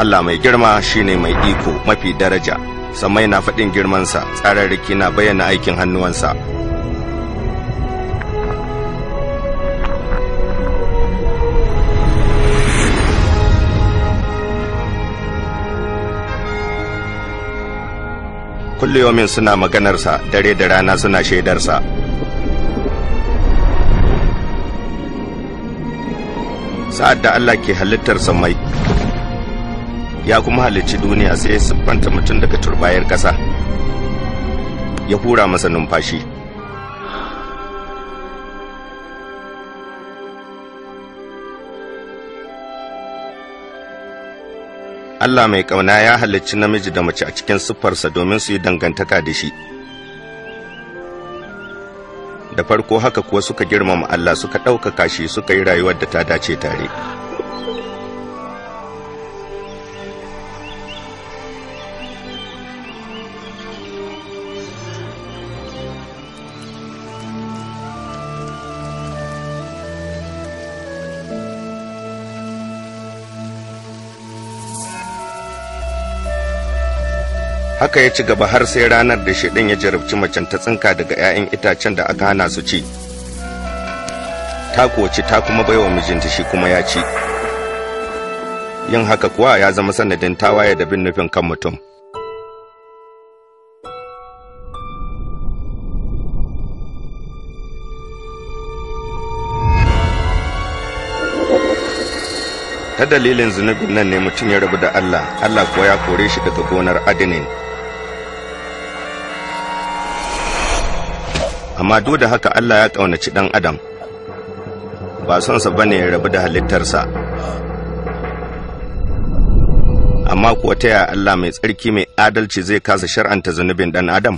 Allah mai girma shine mai iko mafi daraja samai na faɗin girmansa tsararraki na bayyana aikin hannuwansa kulliyomin suna maganarsa dare da rana suna shaidarsa sa'ad da Allah ke halittar samai. ya kuma halicci duniya sai ya siffanta mutum daga turbayar ƙasa ya hura masa numfashi Allah mai ƙauna ya halicci namiji da mace a cikin siffarsa domin su yi dangantaka da shi da farko haka kuwa suka girmama Allah suka ɗaukaka shi suka yi rayuwar da ta dace tare haka ya ci gaba har sai ranar da shaidan ya jarabci macen ta tsinka daga 'ya'yan itacen da aka hana su ci ta koci ta kuma baiwa mijinta shi kuma ya ci yin haka kuwa ya zama sanadin tawaye da bin nufin kan mutum ta dalilin zunubin nan ne mutum ya rabu da Allah Allah kuwa ya kore shi daga gonar adinin amma duk da haka Allah ya ƙaunaci ɗan adam ba son sa ne ya rabu da halittarsa amma kuwa ta yaya Allah mai tsarki mai adalci zai kasa shar'anta zunubin ɗan adam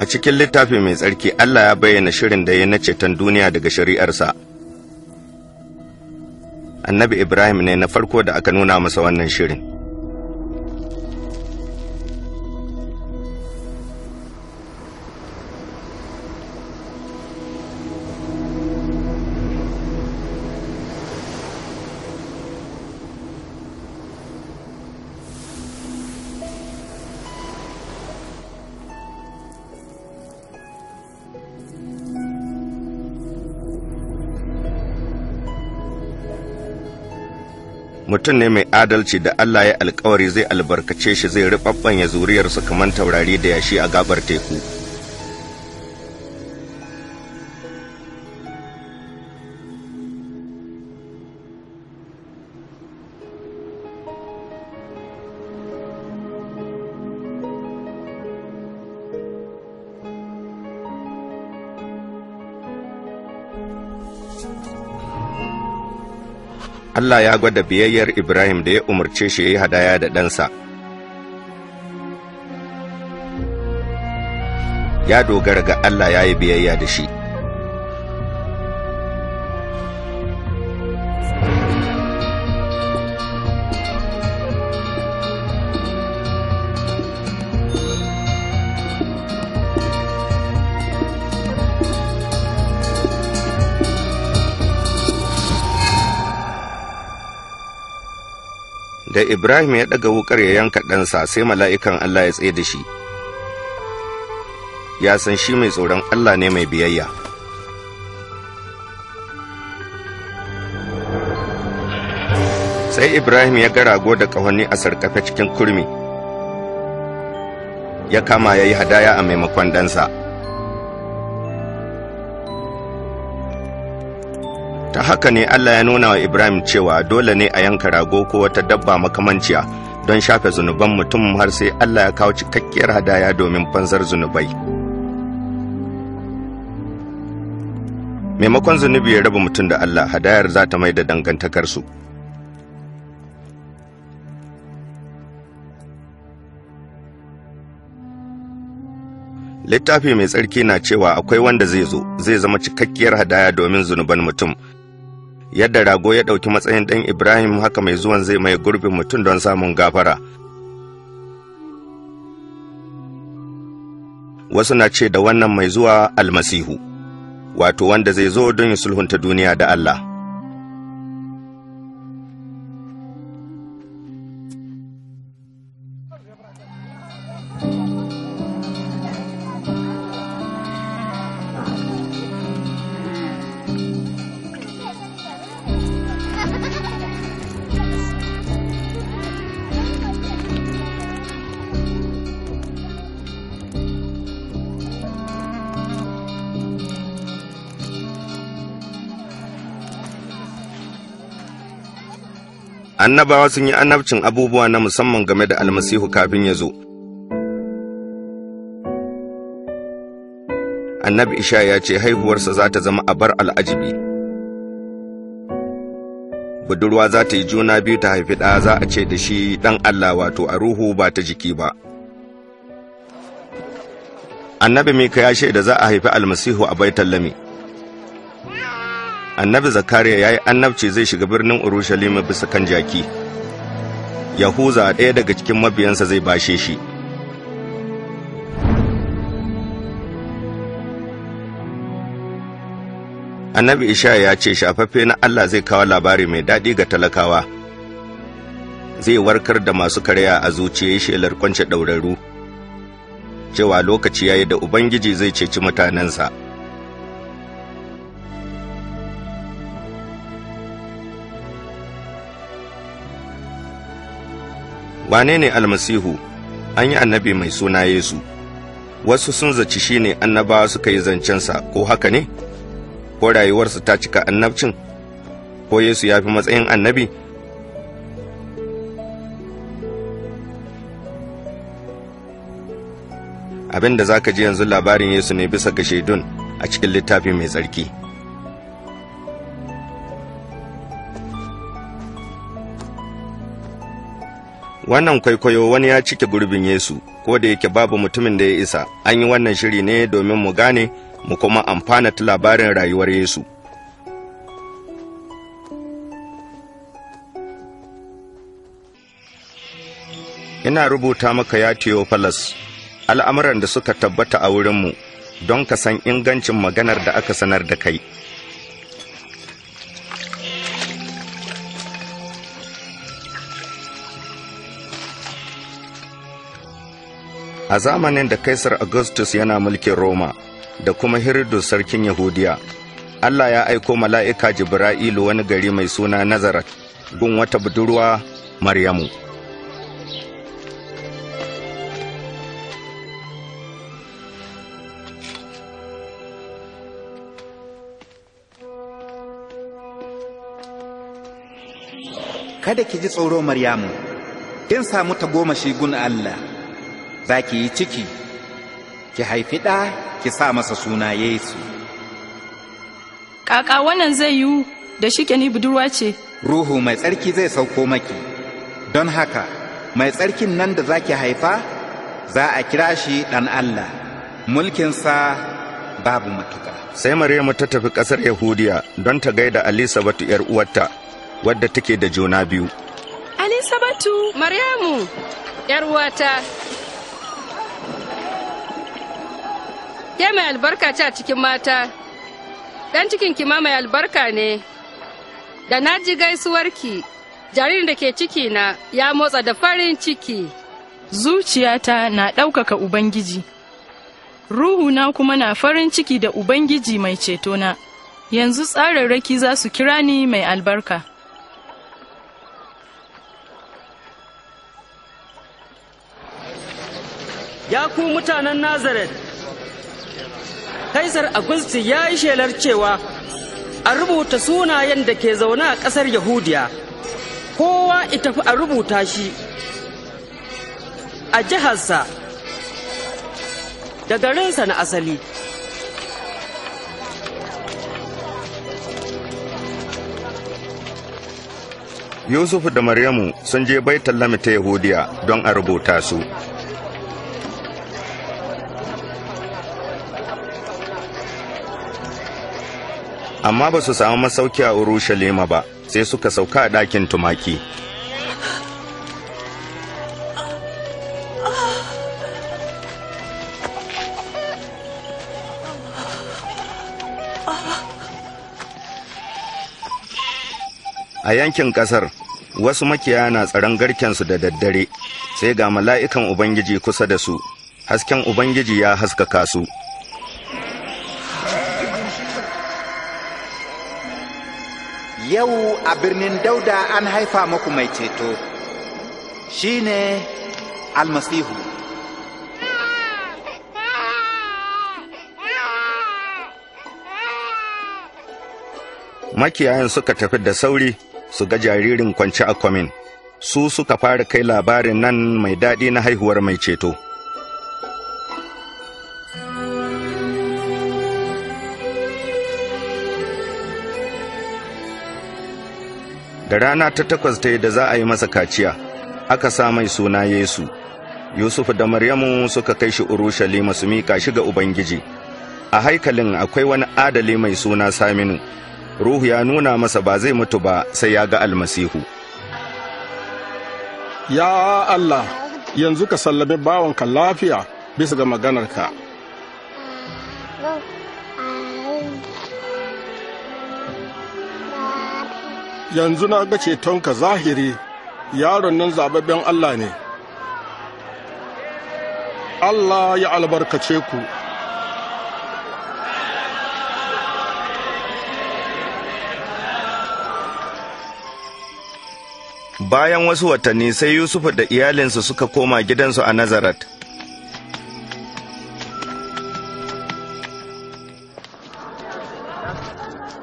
a cikin littafi mai tsarki Allah ya bayyana shirin da ya na ceton duniya daga shari'arsa annabi Ibrahim ne na farko da aka nuna masa wannan shirin mutum ne mai adalci da Allah ya alkawari zai albarkace shi zai riɓaɓɓanya zuriyarsa kamar taurari da yashi a gabar teku Allah ya gwada biyayyar Ibrahim da ya umarce shi ya yi hadaya da ɗansa. Ya dogara ga Allah ya yi biyayya da shi. da ibrahim ya ɗaga wukar ya yanka ɗansa sai mala'ikan allah ya tsaye da shi ya san shi mai tsoron allah ne mai biyayya sai ibrahim ya ga rago da ƙahoni a sarkafe cikin kurmi ya kama ya yi hadaya a maimakon ɗansa ta haka ne Allah ya nuna wa Ibrahim cewa dole ne a yanka rago ko wata dabba makamanciya don shafe zunuban mutum har sai Allah ya kawo cikakkiyar hadaya domin banzar zunubai. Maimakon zunubi ya raba mutum da Allah hadayar za ta mai da dangantakarsu. littafi mai tsarki na cewa akwai wanda zai zo zai zama cikakkiyar hadaya domin zunuban mutum yadda rago ya ɗauki matsayin ɗan ibrahim haka mai zuwan zai mai gurbin mutum don samun gafara wasu na ce da wannan mai zuwa almasihu wato wanda zai zo don ya sulhunta duniya da allah annabawa sun yi annabcin abubuwa na musamman game da almasihu kafin ya zo annabi isha ya ce haihuwarsa za ta zama bar al'ajibi budurwa za ta yi juna biyu ta haifi ɗa za a ce da shi ɗan allah wato a ruhu ba ta jiki ba annabi mika ya shaida za a haifi almasihu a baitallami annabi zakariya ya yi annabci zai shiga birnin urushalima bisa kan jaki yahuza ɗaya daga cikin mabiyansa zai bashe shi annabi isha ya ce shafaffe na allah zai kawo labari mai daɗi ga talakawa zai warkar da masu karya a zuciya shelar kwance ɗauraru cewa lokaci ya yi da ubangiji zai ceci mutanensa wane ne almasihu an yi annabi mai suna yesu wasu sun zaci shi ne annabawa suka yi zancensa ko haka ne ko rayuwarsa ta cika annabcin ko yesu ya fi matsayin annabi abin da za ka ji yanzu labarin yesu ne bisa ga shaidun a cikin littafi mai tsarki. Wannan kwaikwayo wani ya cike gurbin Yesu, ko da yake babu mutumin da ya isa, an yi wannan shiri ne domin mu gane mu kuma amfana ta labarin rayuwar Yesu. Ina rubuta maka ya Theophilus, al'amuran da suka tabbata a wurinmu, don ka san ingancin maganar da aka sanar da kai. a zamanin da kaisar augustus yana mulkin roma da kuma hirdus sarkin yahudiya allah ya aiko mala'ika jibra'ilu wani gari mai suna nazaret gun wata budurwa maryamu kada ki ji tsoro maryamu in samu ta shi gun allah za ki yi ciki ki haifi ɗa ki sa masa suna yesu kaka wannan zai yiwu da shike ni budurwa ce ruhu mai tsarki zai sauko maki don haka mai tsarkin nan da za ki haifa za a kira shi ɗan allah mulkinsa babu matuƙa sai maryamu ta tafi ƙasar yahudiya don ta gaida alisabatu yar uwarta wadda take da juna biyu alisabatu maryamu yar uwata Ke mai albarka ce a cikin mata, ɗan cikin kima mai albarka ne, da na ji gaisuwarki, jaririn da ke ciki na ya motsa da farin ciki. Zuciyata na ɗaukaka Ubangiji, ruhuna kuma na farin ciki da Ubangiji mai cetona, yanzu tsararraki za su kira ni mai albarka. Ya ku mutanen Nazareth! kaisar agusti ya yi shelar cewa a rubuta sunayen da ke zaune a ƙasar yahudiya kowa ita fi a rubuta shi a jiharsa da garinsa na asali Yusuf da Maryamu sun je baitul ta Yahudiya don a rubuta su. amma ba su samu masauki a urushalima ba sai suka sauka a ɗakin tumaki a yankin ƙasar wasu makiya na tsaron garkensu da daddare sai ga mala'ikan ubangiji kusa da su hasken ubangiji ya haskaka su yau a birnin dauda an haifa muku mai ceto shine almasihu makiyayan suka tafi da sauri su ga jaririn kwance a kwamin su suka fara kai labarin nan mai daɗi na haihuwar mai ceto da rana ta takwas ta yi da za a yi masa kaciya aka sa mai suna yesu yusuf da maryamu suka kai shi urushalima su mika shi ga ubangiji a haikalin akwai wani adali mai suna saminu ruhu ya nuna masa ba zai mutu ba sai ya ga almasihu ya allah yanzu ka sallame bawanka lafiya bisa ga maganarka yanzu na ga ceton ka zahiri yaron nan zababben Allah ne. Allah ya albarkace ku. Bayan wasu watanni sai Yusufu da iyalinsa suka koma gidansu a Nazareth.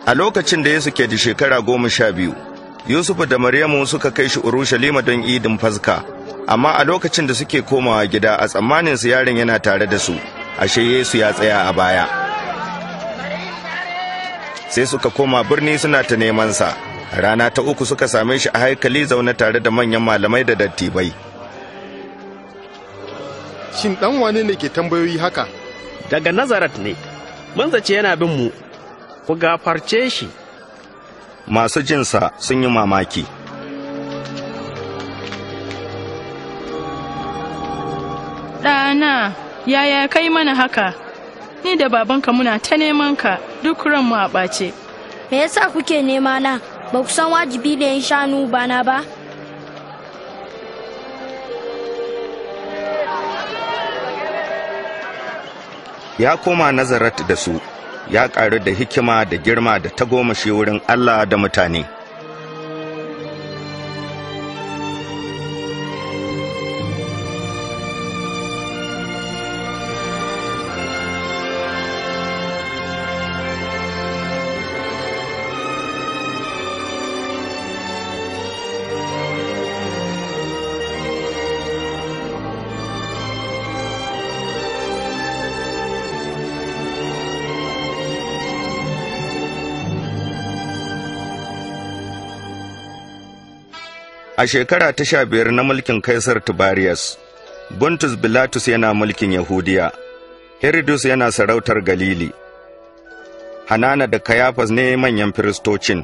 a lokacin da yesu ke da shekara goma sha biyu Yusuf da maryamu suka kai shi urushalima don idin faska amma a lokacin da suke komawa gida a tsammanin su yaron yana tare da su ashe yesu ya tsaya a baya sai suka koma birni suna ta nemansa, rana ta uku suka same shi a haikali zaune tare da manyan malamai da dattibai shin dan wane ne ke tambayoyi haka daga nazaret ne zace yana bin mu ku gafarce shi masu jinsa sun yi mamaki ɗana yaya kai mana haka ni da babanka muna ta neman ka duk ranmu a ɓace me yasa kuke nema na ba ku san wajibi da yin shanu bana ba ya koma nazarat da su ya ƙaru da hikima da girma da tagomashi wurin Allah da mutane. a shekara ta sha biyar na mulkin kaisar Tibarius, buntus bilatus yana mulkin yahudiya herodus yana sarautar galili hanana da kayafas ne manyan firistocin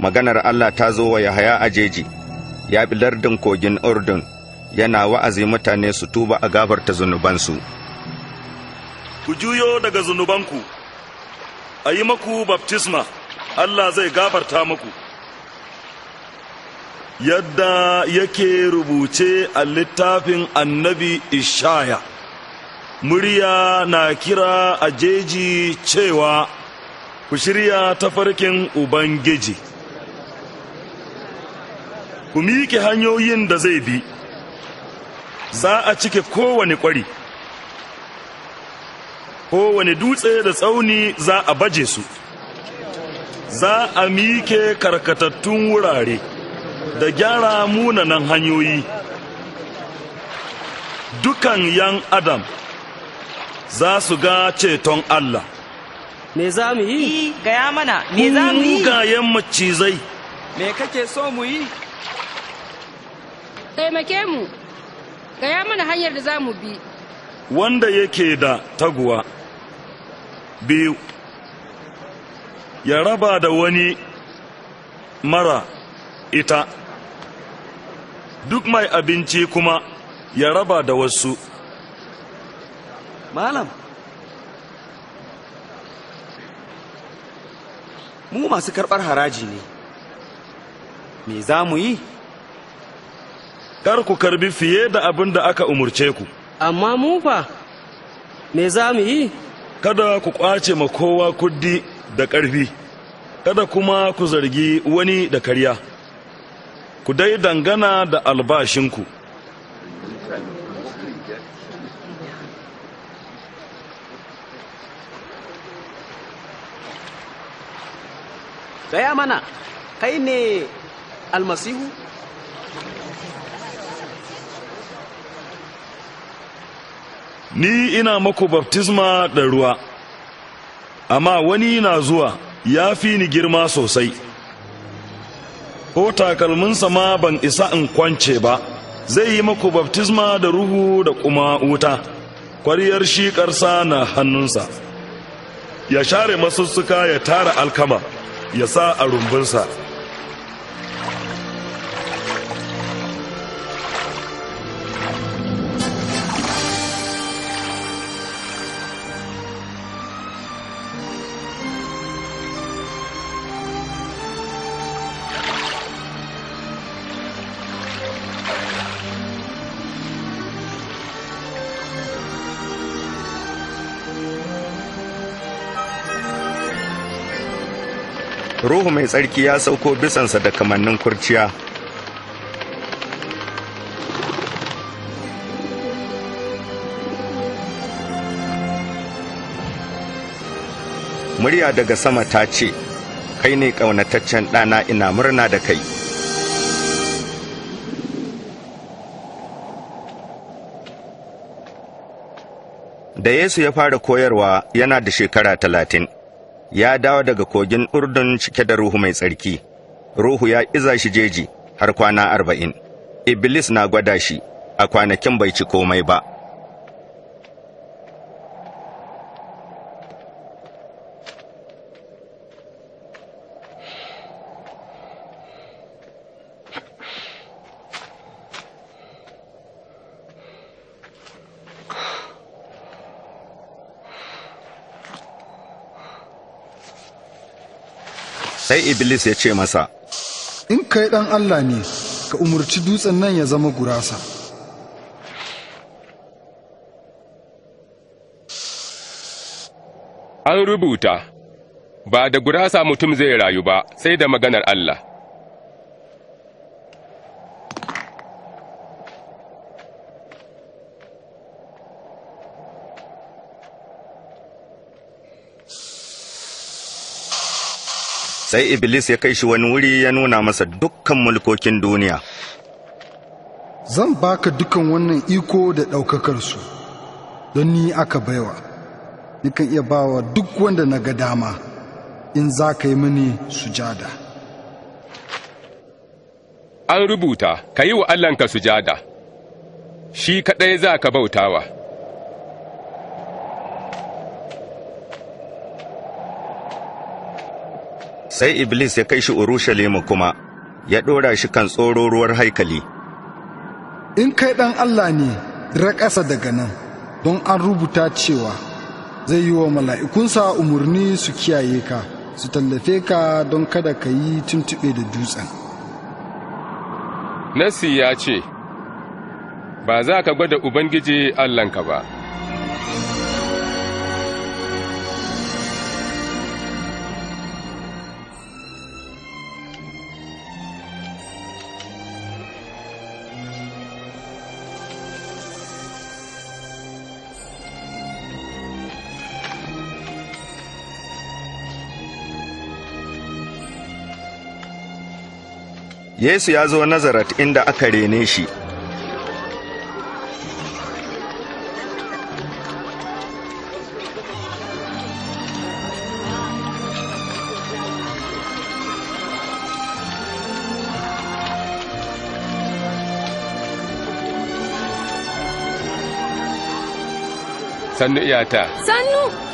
maganar allah ta zo wa yahaya a jeji ya bi lardin kogin urdun yana wa'azi mutane su tuba a gafarta zunubansu ku juyo daga zunubanku a yi maku baptisma allah zai gabarta muku yadda yake rubuce a littafin annabi ishaya murya na kira a jeji cewa ku shirya tafarkin ubangiji ku miƙe hanyoyin da zai bi za a cike kowane ƙwari kowane dutse da tsauni za a baje su za a miƙe karkatattun wurare da gyara munanan hanyoyi dukan yan adam za su ga ceton Allah me za mu yi gaya mana me za mu yi mugayen macizai me kake so mu yi taimake mu gaya mana hanyar da za mu bi wanda yake da taguwa biyu ya raba da wani mara ita duk mai abinci kuma ya raba da wasu malam mu masu karɓar haraji ne me za mu yi kar ku karbi fiye da abin da aka umurce ku amma mu fa me za mu yi kada ku kwace ma kowa kuddi da ƙarfi kada kuma ku zargi wani da karya ku dai dangana da albashinku gaya mana kai ne almasihu ni ina maku baptisma da ruwa amma wani na zuwa ya fi ni girma sosai ko takalminsa ma ban isa in kwance ba zai yi maku baftisma da ruhu da kuma wuta kwariyar shiƙarsa na hannunsa ya share masussuka ya tara alkama ya sa a rumbunsa ruhu mai tsarki ya sauko bisansa da kamannin kurciya murya daga sama ta ce kai ne ƙaunataccen ɗana ina murna da kai da yesu ya fara koyarwa yana da shekara talatin ya dawo daga kogin urdun cike da ruhu mai tsarki ruhu ya iza shi jeji har kwana arba'in iblis na gwada shi a kwanakin bai ci komai ba sai iblis ya ce masa in kai ɗan allah ne ka umarci dutsen nan ya zama gurasa an rubuta ba da gurasa mutum zai rayu ba sai da maganar allah sai Iblis ya kai shi wani wuri ya nuna masa dukkan mulkokin duniya. Zan baka dukan wannan iko da ɗaukakarsu, don ni aka baiwa, nikan iya bawa duk wanda na ga dama in za ka yi mini sujada. An rubuta, ka yi wa Allahnka sujada, shi kaɗai za ka bautawa. sai Iblis ya kai shi Urushalima kuma, ya ɗora shi kan tsororuwar haikali. In kai ɗan Allah ne, raƙasa daga nan, don an rubuta cewa zai yi wa mala'ikunsa umarni su kiyaye ka, su tallafe ka don kada ka yi tuntuɓe da dutsen. Nasi ya ce, Ba za ka gwada Ubangiji Allahnka ba. Yesu ya zo Nazaret inda aka rene shi. Sannu iyata. Sannu!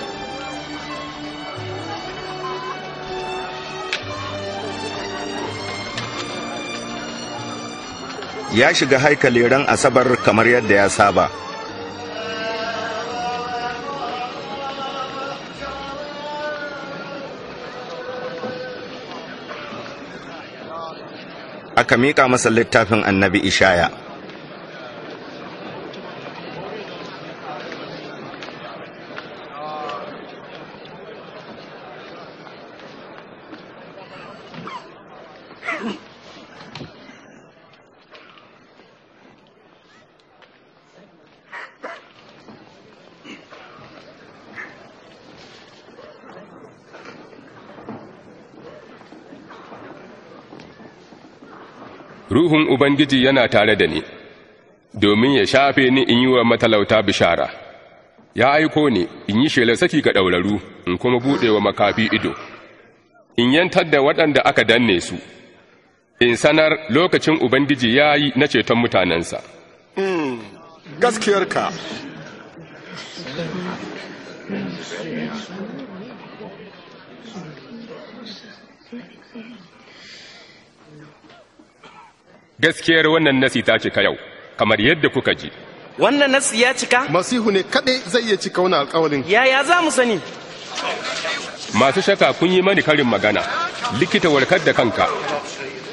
ya shiga haikali ran asabar kamar yadda ya saba aka miƙa masa littafin annabi ishaya ruhun Ubangiji yana tare da ni, domin ya shafe ni in yi wa matalauta bishara, ya aiko ni in yi shelar saki ga ɗauraru in kuma buɗe wa makafi ido, in yantar da waɗanda aka danne su, in sanar lokacin Ubangiji ya yi na ceton mutanensa. Hmm, gaskiyarka. gaskiyar wannan nasi ta cika yau kamar yadda kuka ji wannan nasi ya cika masihu ne kaɗai zai iya cika wani alkawalin yaya za mu sani masu shaka kun yi mani karin magana likita warkar da kanka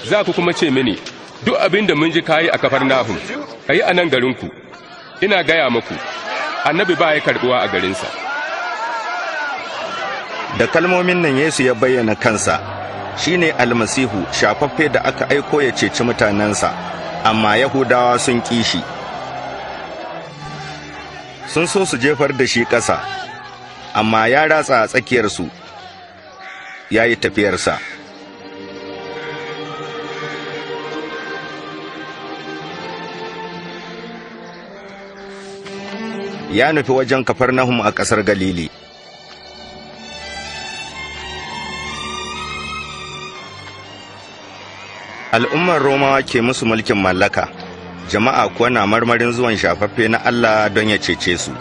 za ku kuma ce mini duk abin da mun ji kayi a kafar nahun ka yi a nan garinku ina gaya maku, annabi ba ya karɓuwa a garinsa da kalmomin nan yesu ya bayyana kansa shine almasihu shafaffe da aka aiko ya ceci mutanensa amma yahudawa sun kishi. sun so su jefar da shi ƙasa amma ya ratsa a tsakiyarsu ya yi tafiyarsa ya nufi wajen kafar nahum a ƙasar galili al'ummar romawa ke musu mulkin mallaka jama'a kuwa na marmarin zuwan shafaffe na allah don ya cece su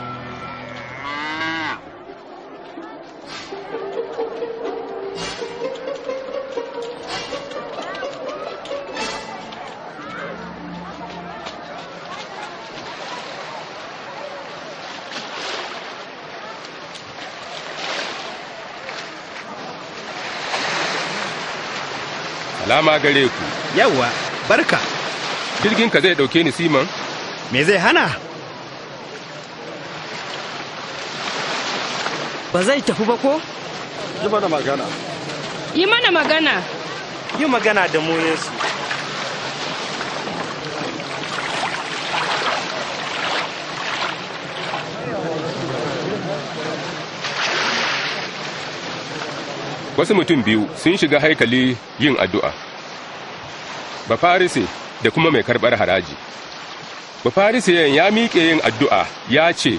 Lama gare ku. Yawwa, barka. Jirginka zai ɗauke ni Siman? Me zai hana? Ba zai tafi ba ko? Yi mana magana. Yi mana magana. Yi magana da mu Yesu. Wasu mutum biyu sun shiga haikali yin addu'a. bafarise da kuma mai karɓar haraji bafarisiyen ya miƙe yin addu'a ya ce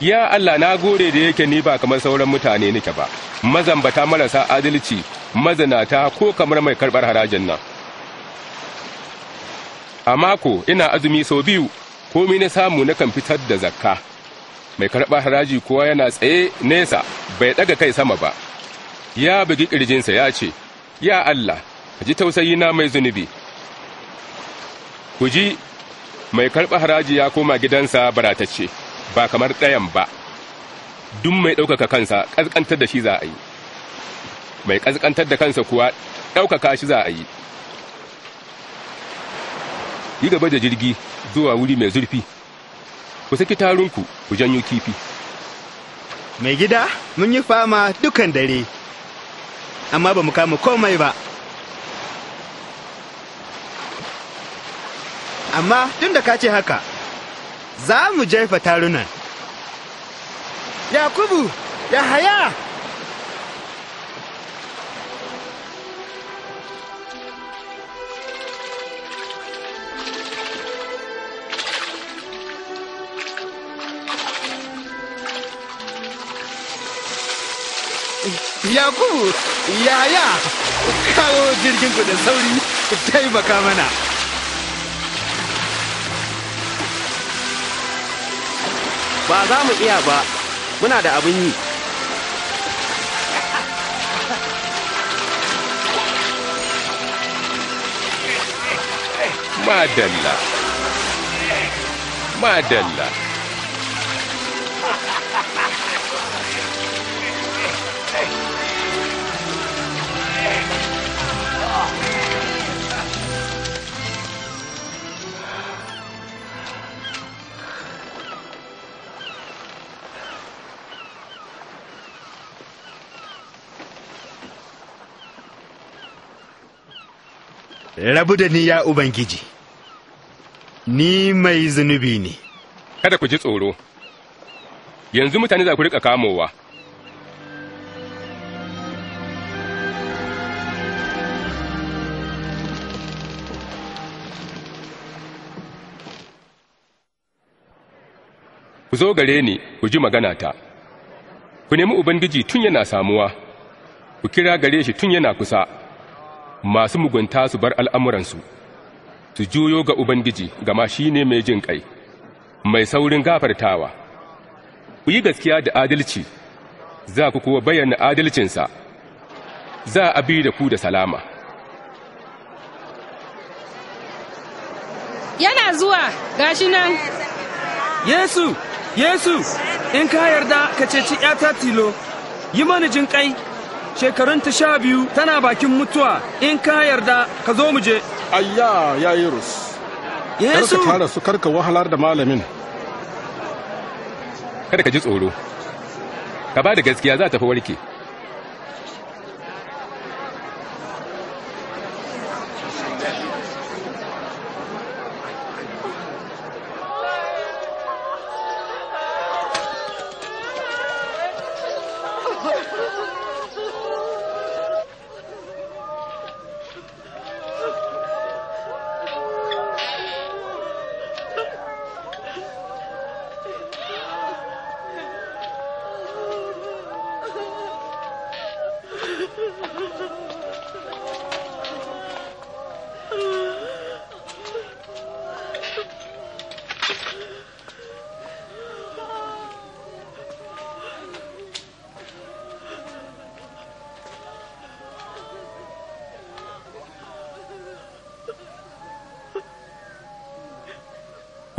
ya Allah na gode da yake ni ba kamar sauran mutane nake ba mazambata marasa adalci mazanata ko kamar mai karɓar harajin nan a mako ina azumi sau biyu komi na samu na kan fitar da zakka mai karɓar haraji kuwa yana tsaye nesa bai ɗaga kai sama ba ya bugi ƙirjinsa ya ce ya Allah ji tausayi na mai zunubi ku ji mai karɓa haraji ya koma gidansa baratacce ba kamar ɗayan ba duk mai ɗaukaka kansa ƙasƙantar da shi za a yi mai ƙasƙantar da kansa kuwa ɗaukaka shi za a yi yi gaba da jirgi zuwa wuri mai zurfi ku saki tarunku ku janyo kifi mai gida mun yi fama dukan dare amma ba mu kama komai ba amma tun da ka ce haka za mu jefa tarunan yakubu ya haya Yakubu, kawo jirgin ku da sauri, taimaka mana. ba za mu iya ba muna da abin yi madalla madalla rabu da ni ya Ubangiji, ni mai zunubi ne. Kada ku ji tsoro, yanzu mutane za ku riƙa kamowa. Ku zo gare ni ku ji magana ta, ku nemi Ubangiji tun yana samuwa, ku kira gare shi tun yana kusa. masu mugunta su bar al'amuransu, su juyo ga Ubangiji gama shi ne mai jin ƙai, mai saurin gafartawa. Ku yi gaskiya da adalci, za ku kuwa bayyana adalcinsa, za a bi da ku da salama. Yana zuwa shi nan. Yesu, Yesu, in ka yarda ka ceci ‘yata tilo, yi mani jin ƙai. Shekarun ta sha biyu tana bakin mutuwa in ka yarda ka zo mu je ayya ya yi rus yesu karka tara su karka wahalar da malamin kada ka ji tsoro ka ba da gaskiya za ta fi warke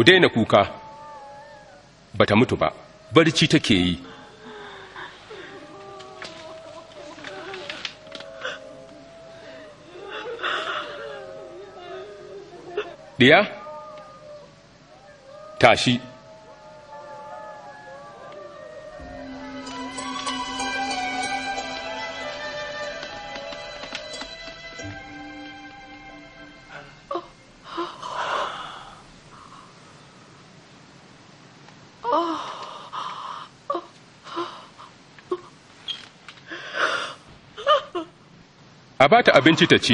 daina kuka bata mutu ba barci take yi diya tashi a ba ta abinci ta ci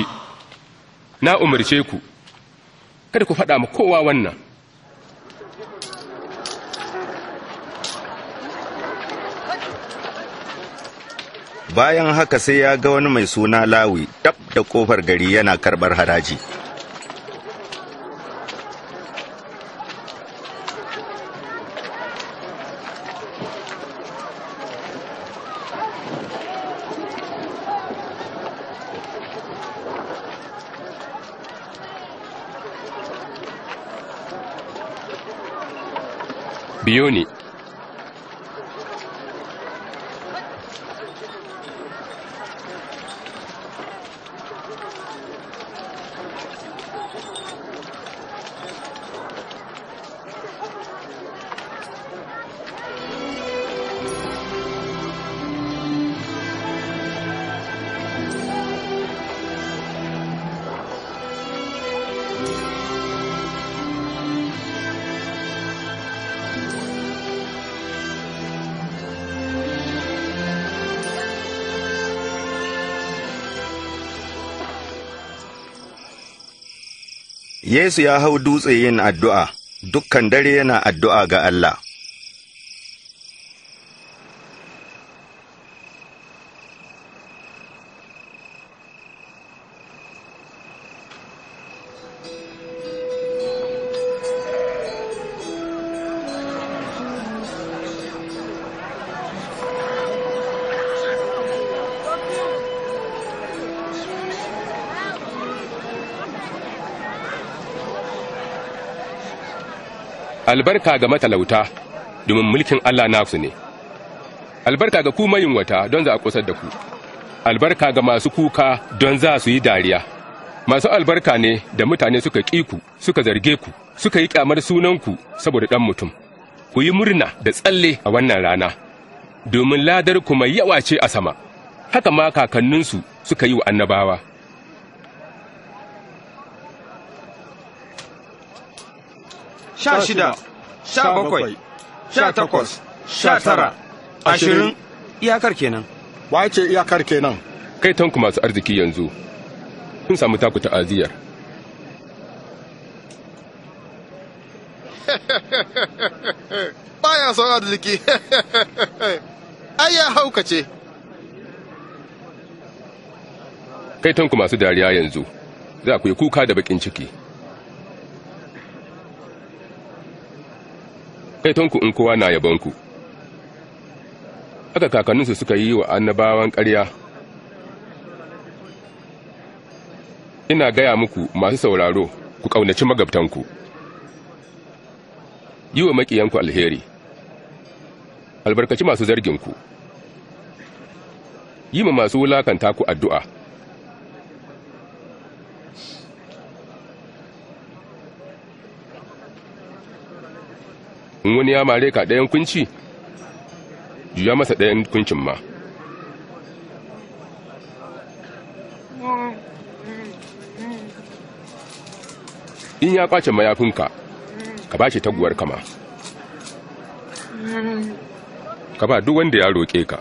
na umarce ku kada ku faɗa ma kowa wannan bayan haka sai ya ga wani mai suna lawi dab da kofar gari yana karɓar haraji ように Yesu ya hau dutse yin addu'a, dukkan dare yana addu'a ga Allah. albarka ga matalauta domin mulkin Allah nasu ne albarka ga ku mayunwata don za a kusa da ku albarka ga masu kuka don za su yi dariya masu albarka ne da mutane suka ƙi ku suka zarge ku suka yi ƙyamar sunanku saboda ɗan mutum ku yi murna da tsalle a wannan rana domin ladar ku mai yawa ce a sama haka ma kakanninsu suka yi wa annabawa sha shida sha bakwai sha takwas sha tara ashirin iyakar kenan wa ce iyakar kenan kai tanku masu arziki yanzu kun samu taku ta'aziyar baya son arziki ai ya haukace kai tanku masu dariya yanzu za ku yi kuka da bakin ciki kaitonku in kowa na yabonku aka kakanninsu suka yi wa annabawan ƙarya ina gaya muku masu sauraro ku ƙaunaci magabtanku yi wa maƙiyanku alheri albarkaci masu zarginku yi ma masu wulakanta ku addu'a in wani ya mare ka ɗayan kunci juya masa ɗayan kuncin ma in ya kwace mayafinka ka ba shi taguwar kama ka ba duk wanda ya roƙe ka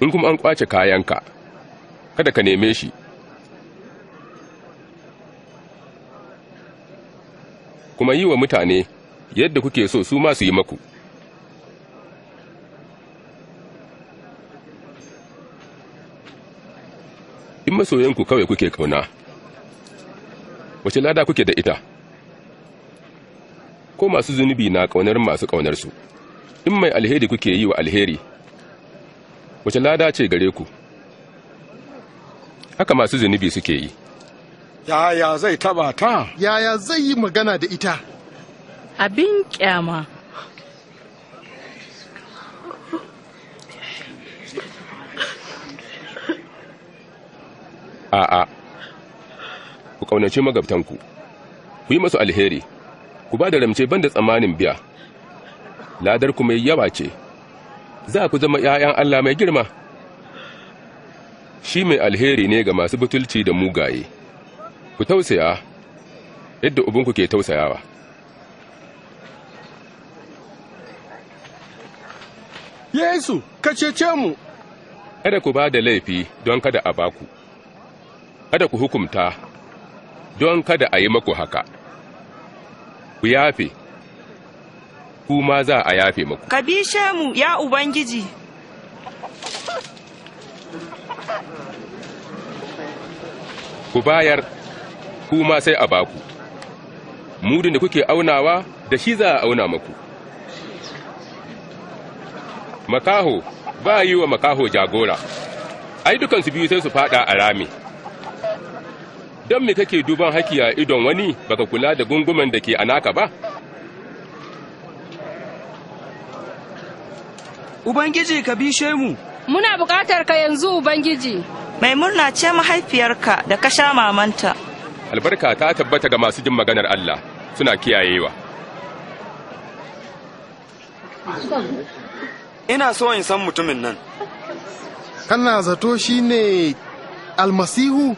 in kuma an kwace kayanka kada ka neme shi kuma yi wa mutane yadda kuke so su masu yi maku. In masoyanku kawai kuke kauna, wace lada kuke da ita, ko masu zunubi na kaunar masu kaunarsu, in mai alheri kuke yi wa alheri, wace lada ce gare ku, haka masu zunubi suke yi. Yaya zai taba ta? Yaya zai yi magana da ita? Abin kyama. A'a, ku kaunace magabtanku, ku yi masu alheri, ku ba da ramce ban da tsamanin biya, ladar ku mai yawa ce, za ku zama ‘ya'yan Allah mai girma, shi mai alheri ne ga masu butulci da mugaye. ku tausaya yadda ubinku ke tausayawa Yesu, ka cece mu! Kada ku ba da laifi don kada a baku, kada ku hukumta don kada a yi maku haka, ku yafe, ku ma za a yafe maku. Ka bishe mu, ya Ubangiji! Ku bayar kuma sai a baku mudun da kuke aunawa da shi za a auna maku makaho ba yi wa makaho jagora ai dukansu biyu sai su fada a rami don me kake duban haki a idon wani baka kula da gungumen da ke anaka ba ubangiji ka bishe mu muna bukatar ka yanzu ubangiji mai murna ce mahaifiyarka da ka sha mamanta albarka ta tabbata ga masu jin maganar Allah suna kiyayewa ina so in san mutumin nan kana zato shi ne almasihu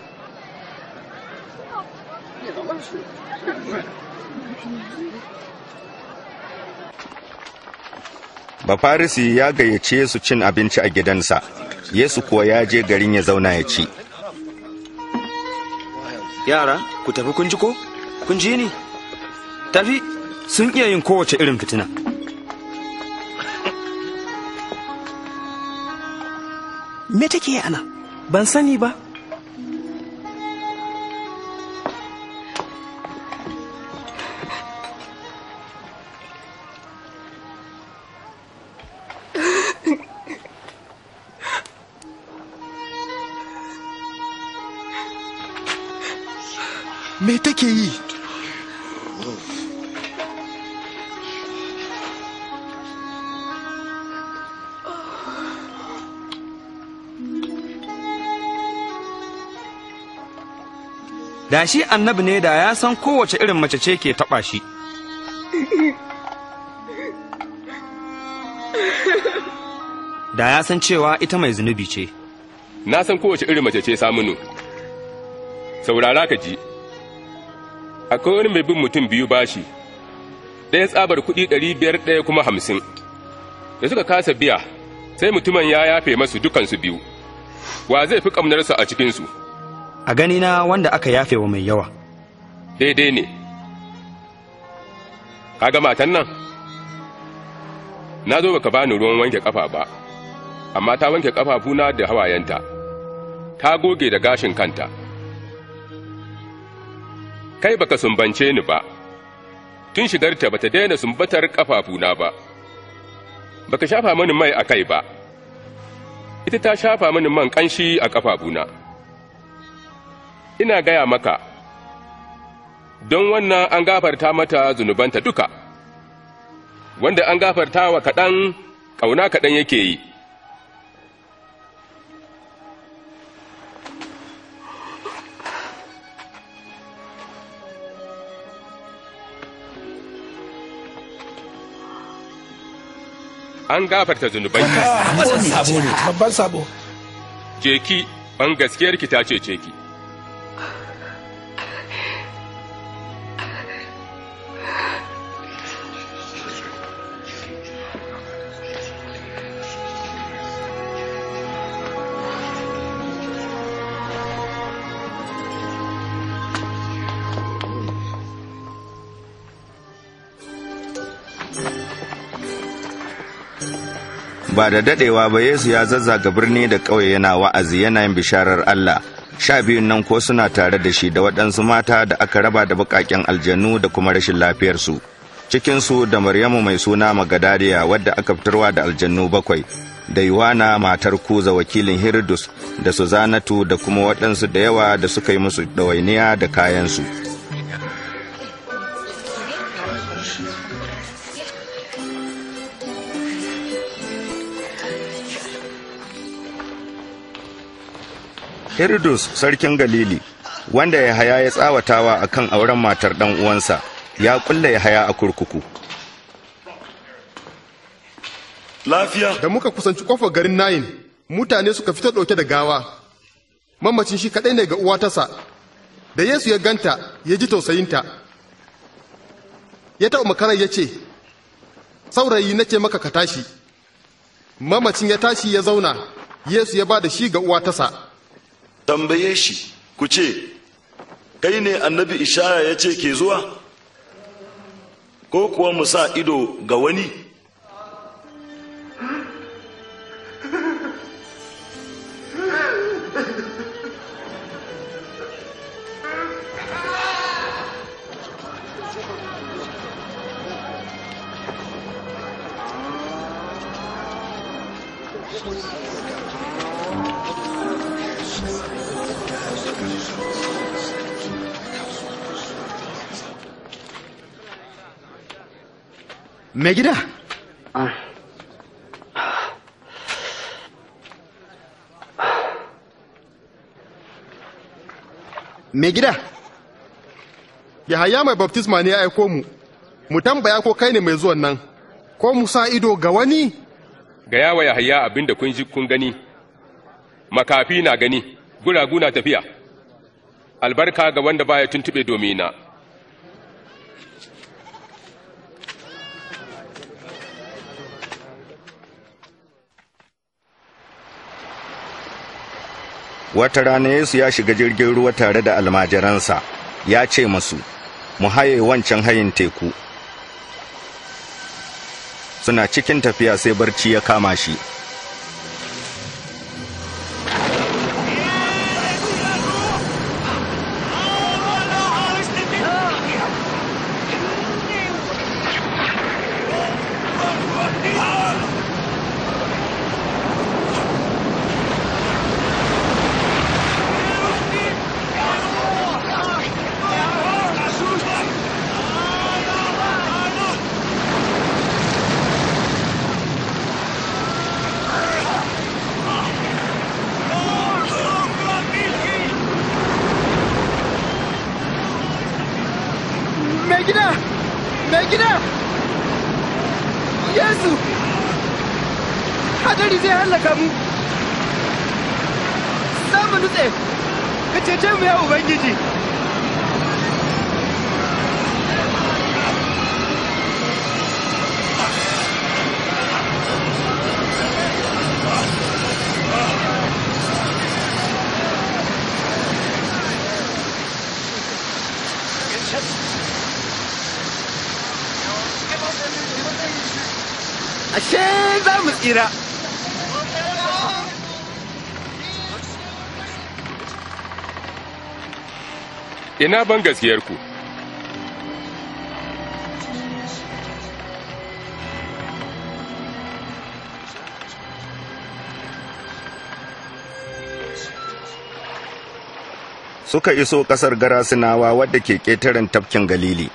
bafarisi ya gayyace su cin abinci a gidansa yesu kuwa ya je garin ya zauna ya ci yara ku tafi kun ji ko kun ji ni tafi sun iya yin kowace irin fitina me take ana ban sani ba da shi annabi ne da ya san kowace irin mace ce ke taɓa shi da ya san cewa ita mai zunubi ce na san kowace irin mace ce saminu saurara ka ji akwai wani mai bin mutum biyu bashi ɗaya tsabar kuɗi ɗari biyar ɗaya kuma hamsin da suka kasa biya sai mutumin ya yafe masu dukansu biyu wa zai fi ƙamnarsa a cikinsu a ganina wanda aka yafe wa mai yawa daidai ne ka ga matan nan na zo baka bani ruwan wanke ƙafa ba amma ta wanke ƙafafuna da hawayenta ta goge da gashin kanta kai baka sumbance ni ba tun shigarta bata daina sumbatar ƙafafuna ba baka shafa mani mai a kai ba ita ta shafa mani man kanshi a ƙafafuna. ina gaya maka, don wannan an gafarta mata zunubanta duka, wanda an gafarta wa kaɗan ƙauna kaɗan yake yi. An gafarta zunubanta. Babban sabo. Jeki, ban gaskiyarki ta ce ceki. ba da dadewa ba Yesu ya zazzaga birni da kawai yana wa'azi yana yin bisharar Allah sha biyun nan ko suna tare da shi da waɗansu mata da aka raba da baƙaƙen aljanu da kuma rashin lafiyarsu cikinsu da maryamu mai suna magadariya wadda aka fitarwa da aljannu bakwai da yuwana matar kuza wakilin hirdus da suzanatu da kuma waɗansu da yawa da suka yi musu ɗawainiya da kayansu Herodus sarkin Galili, wanda ya haya ya tsawatawa a kan auren matar ɗan uwansa, ya kulla ya haya a kurkuku. Lafiya. Da muka kusanci kofar garin Nayin, mutane suka fito ɗauke da gawa. Mamacin shi kaɗai ne ga uwa tasa. Da Yesu ya ganta, ya ji tausayinta. Ya taɓa makarar ya ce, Saurayi ce maka ka tashi. Mamacin ya tashi ya zauna, Yesu ya ba da shi ga uwa tasa. tambaye shi ku ce kai ne annabi ishaya ya ce ke zuwa ko kuwa mu sa ido ga wani Megida Ya haya yahaya mai baptisma ne ya aiko mu mu tambaya ko kai ne mai zuwan nan ko musa ido ga wani ga yawa yahaya abin da kun ji kun gani makafi na gani guragu na tafiya albarka ga wanda baya tuntube domina wata rana yesu ya shiga jirgin ruwa tare da almajiransa ya ce masu mu haye wancan hayin teku suna cikin tafiya sai barci ya kama shi ina ban gaskiyarku suka iso ƙasar garasinawa wadda ke ƙetaren tafkin galili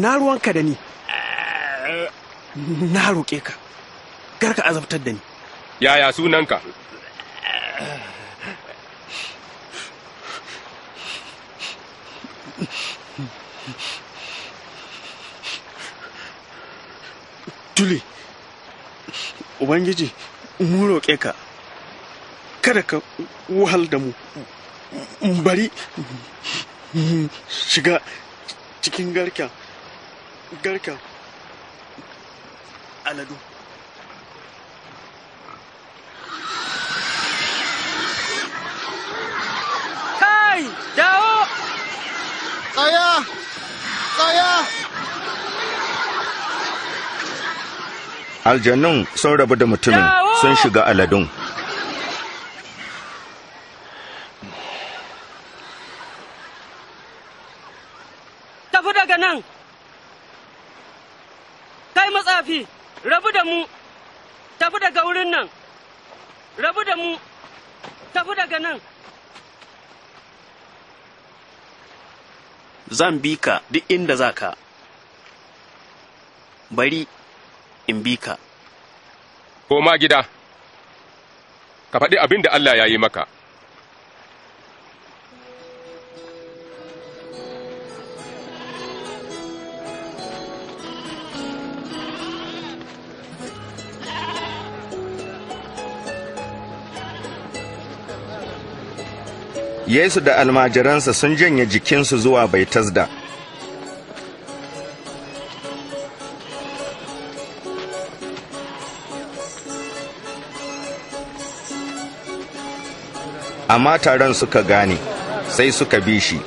na ruwanka da ni na roƙe ka garka azabtar da ni yaya sunanka Tuli, Ubangiji, mu roƙe ka, kada ka wahal da mu, bari shiga cikin garken garkan aladu kai dawo tsaya tsaya aljanun sun rabu da mutumin sun shiga aladun zan bi ka duk inda za ka bari in bi ka koma gida ka faɗi abin da Allah ya yi maka Yesu da almajiransa sun janye jikinsu zuwa bai tasda. Amma taron suka gane, sai suka bi shi.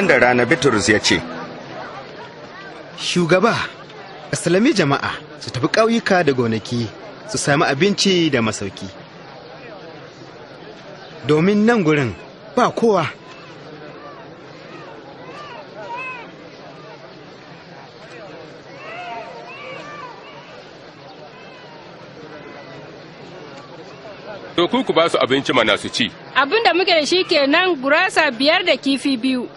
can da rana bitrus ya ce shugaba asalami jama'a su tafi ƙauyuka da gonaki su sami abinci da masauki domin nan gurin ba kowa ba su abinci mana su ci. Abin da muke da shi kenan gurasa biyar da kifi biyu.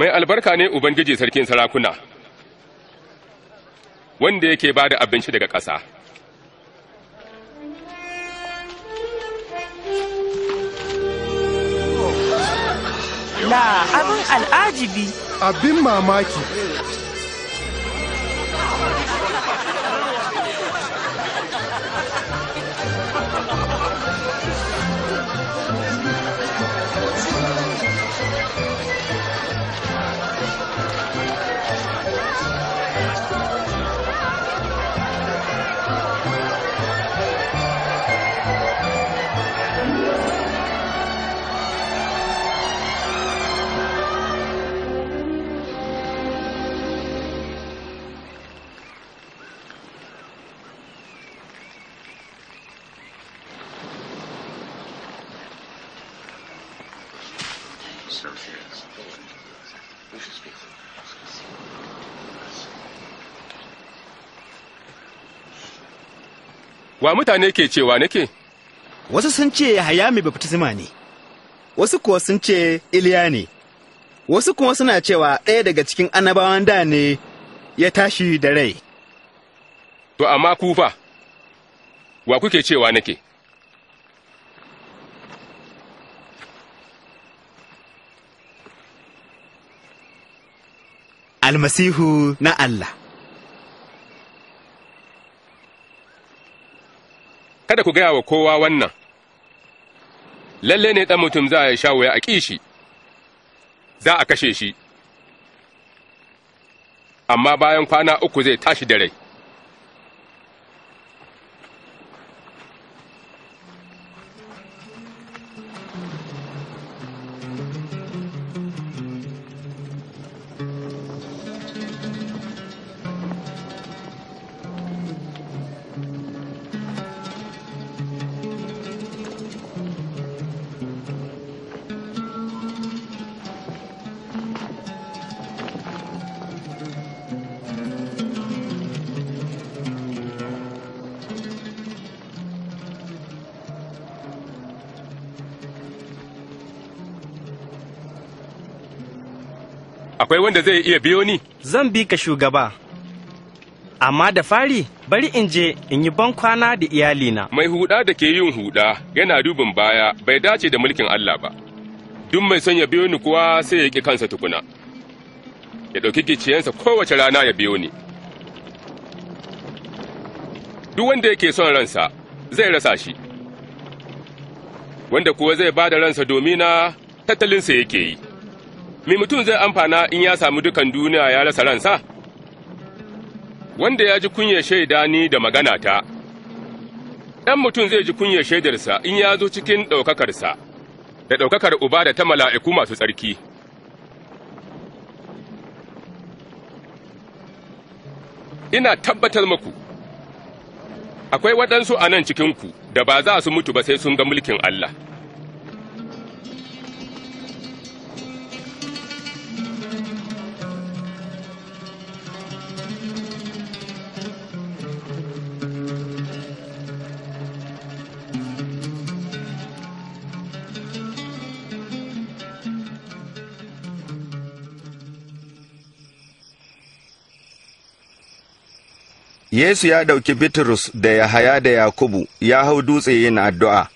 mai albarka ne ubangiji sarkin sarakuna wanda yake ba da abinci daga ƙasa la abin al'ajibi abin mamaki wa mutane ke cewa nake? Wasu sun ce Hayami mai baftisma ne, wasu kuwa sun ce Iliya ne, wasu kuma suna cewa ɗaya daga cikin annabawan da ne ya tashi da rai. To, amma kufa, fa, wa kuke cewa nake? Almasihu na Allah. kada ku gaya wa kowa wannan, lalle ne ɗan mutum za a sha waya a ƙi za a kashe shi, amma bayan kwana uku zai tashi da rai. akwai wanda zai iya biyo ni? Zan bi ka shugaba. Amma da fari bari in je in yi ban kwana da iyalina. Mai huda da ke yin huda yana dubin baya bai dace da mulkin Allah ba. Duk mai son ya biyo ni kuwa sai ya ƙi kansa tukuna. Ya ɗauki gicciyensa kowace rana ya biyo ni. Duk wanda yake son ransa zai rasa shi. Wanda kuwa zai ba da ransa domina tattalinsa yake yi. Me mutum zai amfana in ya samu dukan duniya ya rasa ransa? Wanda ya ji kunyar shaida ni da magana ta, ɗan mutum zai ji kunyar shaidarsa in ya zo cikin ɗaukakarsa, da ɗaukakar uba da ta mala'iku masu tsarki. Ina tabbatar muku, akwai waɗansu a nan cikinku da ba za su mutu ba sai sun ga mulkin Allah. Yesu ya ɗauki Bitrus da Yahaya da Yakubu ya hau dutse yin addu'a.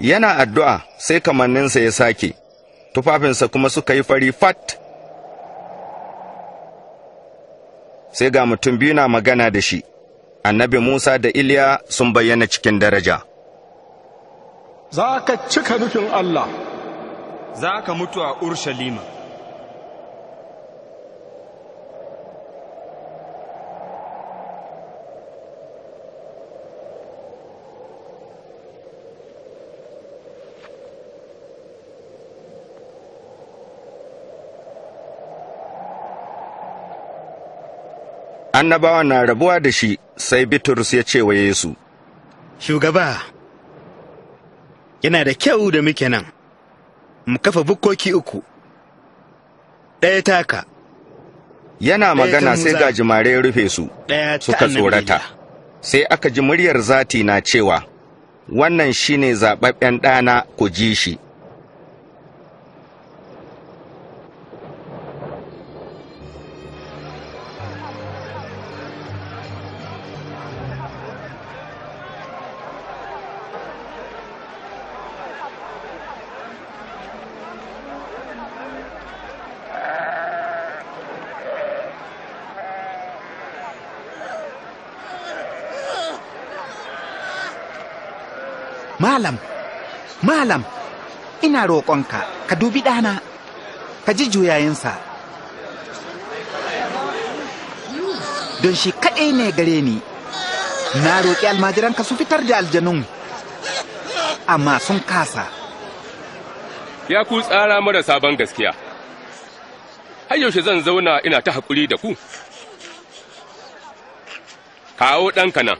Yana addu'a sai kamanninsa ya sake, tufafinsa kuma suka yi fari fat. sai ga mutum biyu na magana da shi annabi musa da iliya sun bayyana cikin daraja za ka cika nufin allah za ka mutu a urshalima annabawa na rabuwa da shi sai Bitrus ya ce wa Yesu, Shugaba, yana da kyau da muke nan, mu kafa bukkoki uku, ɗaya taka. Yana magana sai ga jimare rufe su, suka tsorata, sai aka ji muryar zati na cewa, Wannan shi ne zaɓaɓɓen ɗana ku ji shi. malam malam ina roƙonka ka dubi ɗana ka ji juyayensa don shi kaɗai ne gare ni na roƙi almajiranka su fitar da aljanun amma sun kasa ya ku tsara mara sabon gaskiya har yaushe zan zauna ina ta haƙuri da ku kawo ɗanka nan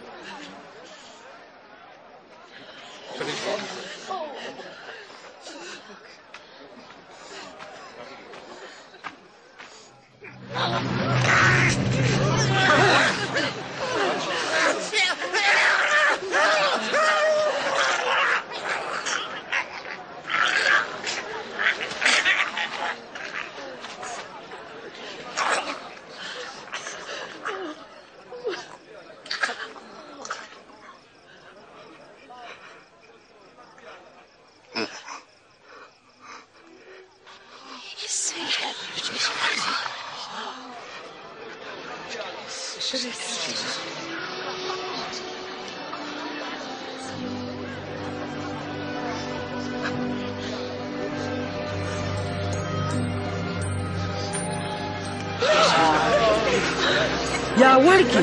ya warke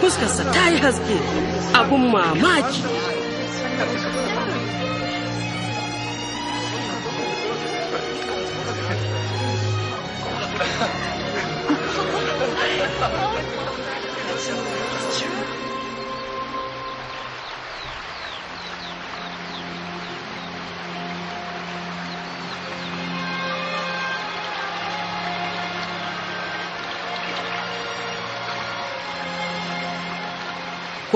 fuskarsa ta yi haske abun mamaki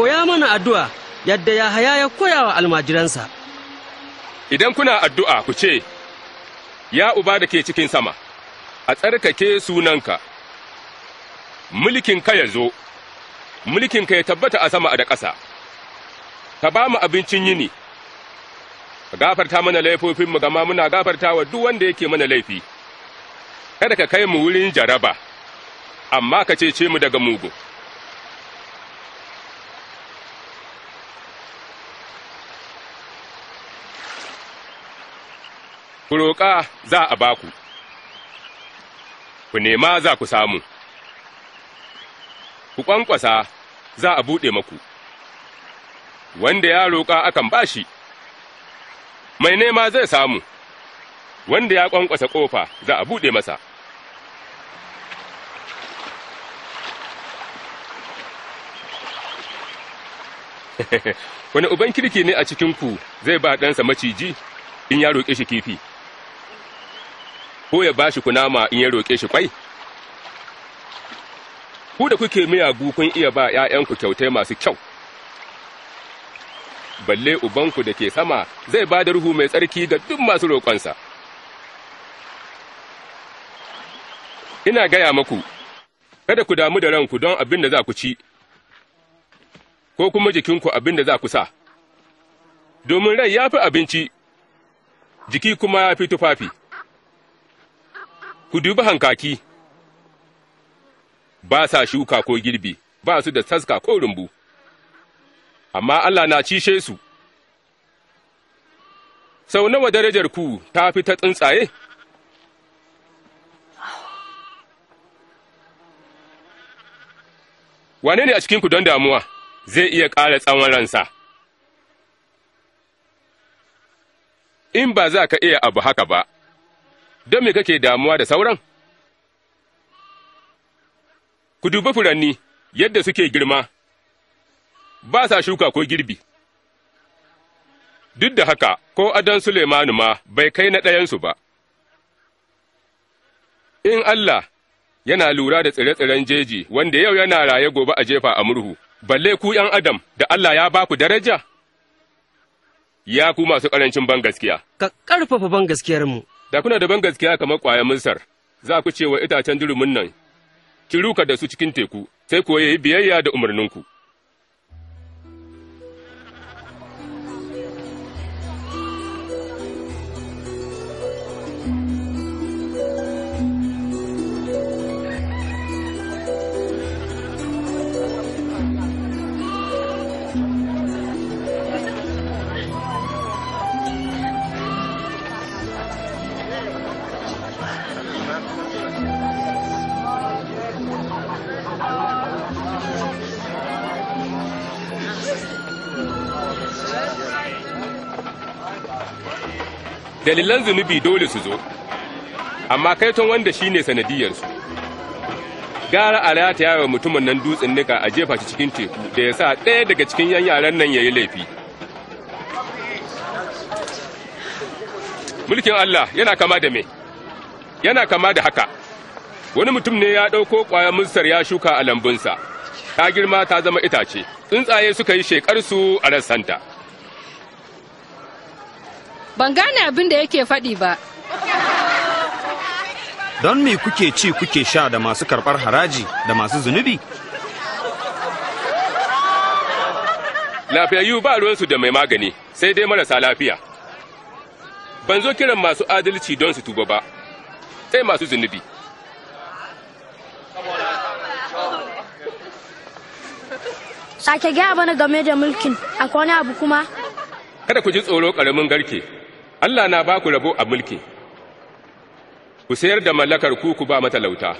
koya mana addu'a yadda Yahaya ya koya wa almajiransa. Idan kuna addu'a ku ce, Ya Uba da ke cikin sama, a tsarkake sunanka, mulkinka ya zo, mulkinka ya tabbata a sama da ƙasa, ka ba mu abincin yini, ka gafarta mana laifofinmu gama muna gafarta wa duk wanda yake mana laifi, kada ka kai mu wurin jaraba, amma ka cece mu daga mugu. ku roƙa za a ba ku Ku nema za ku samu, ku ƙwanƙwasa za a buɗe maku, wanda ya roƙa akan ba shi. mai nema zai samu, wanda ya ƙwanƙwasa ƙofa za a buɗe masa. Wani uban kirki ne a cikinku zai ba ɗansa maciji in ya roƙe shi kifi. ko ya ba shi kunama in ya roƙe shi kwai? Ku da kuke miya kun iya ba ‘ya'yanku kyautai masu kyau, balle Ubanku da ke sama zai ba da ruhu mai tsarki ga duk masu roƙonsa. Ina gaya maku, kada ku damu da ranku don abin da za ku ci, ko kuma jikinku abin da za ku sa, domin rai ya fi abinci, jiki kuma ya fi tufafi. ku dubi hankaki, ba sa shuka ko girbi, ba su da taska ko rumbu, amma Allah na cishe su. Sau nawa darajar ku ta fi ta tsuntsaye? Wane ne a cikinku don damuwa zai iya ƙara tsawon ransa? In ba za ka iya abu haka ba, don me kake damuwa da sauran? Ku dubi furanni yadda suke girma, ba sa shuka ko girbi. Duk da haka, ko adon Suleimanu ma bai kai na ɗayansu ba. In Allah yana lura da tsire-tsiren jeji wanda yau yana raye gobe a jefa a murhu, balle ku ’yan Adam da Allah ya ba ku daraja? Ya ku masu ƙarancin ban gaskiya. Ka ƙarfafa ban bangaskiyarmu. da kuna da bangaskiya kamar ƙwayar Masar, za ku ce wa itacen durumin nan, ki ruka da su cikin teku, sai kuwa ya yi biyayya da umarninku. dalilan zunubi dole su zo amma kaiton wanda shine sanadiyarsu gara a rataya wa mutumin nan dutsen nika a jefa shi cikin teku da ya sa ɗaya daga cikin yan yaren nan ya yi laifi mulkin Allah yana kama da me yana kama da haka wani mutum ne ya ɗauko ƙwayar mustar ya shuka a lambunsa ta girma ta zama itace tsuntsaye suka yi shekarsu a rassanta Ban gane abin da yake faɗi ba. Don me kuke ci kuke sha da masu karɓar haraji da masu zunubi? Lafiyayyu ba ruwansu da mai magani sai dai marasa lafiya. Ban zo kiran masu adalci don su tuba ba, sai masu zunubi. Sake gaya bana game da mulkin, akwai wani abu kuma? Kada ku ji tsoro ƙaramin garke. Allah na ba ku rabo a mulki ku sayar da mallakar ku ku ba matalauta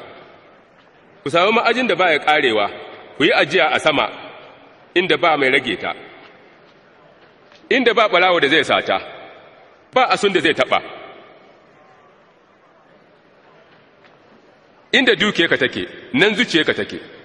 ku sami ma'ajin da baya ƙarewa ku yi ajiya a sama inda ba mai rage ta inda ba ɓarawa da zai sata ba asun da zai taɓa. inda duke ka take nan zuciyarka take